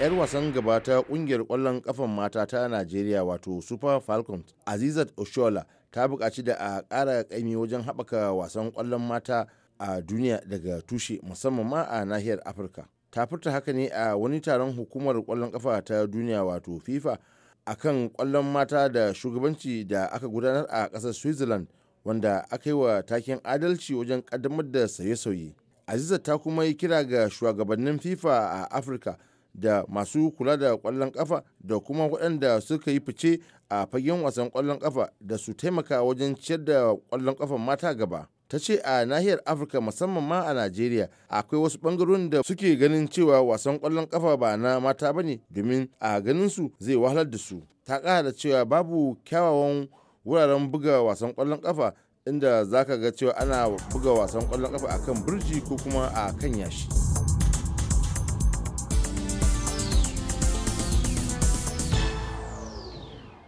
'yar wasan gaba ta kungiyar kwallon kafan mata ta najeriya wato super falcons azizat oshola ta buƙaci da a ƙara ƙaimi wajen haɓaka wasan kwallon mata a duniya daga tushe musamman ma a nahiyar afirka ta furta haka ne a wani taron hukumar kwallon kafa ta duniya wato fifa a kan kwallon mata da shugabanci da aka gudanar a ƙasar switzerland wanda aka yi wa taken adalci wajen ƙaddamar da sauye-sauye aziza ta kuma yi kira ga shugabannin fifa a afirka da masu kula da kwallon kafa da kuma waɗanda suka yi fice a fagen wasan kwallon kafa da su taimaka wajen ciyar da kwallon kafa mata gaba ta ce a nahiyar afirka musamman ma a najeriya akwai wasu bangarorin da suke ganin cewa wasan kwallon kafa ba na mata bane domin a ganin su zai wahalar da su ta ƙara da cewa babu kyawawan wuraren buga wasan kwallon kafa inda zaka ga cewa ana buga wasan kwallon kafa akan birji ko kuma a kan yashi.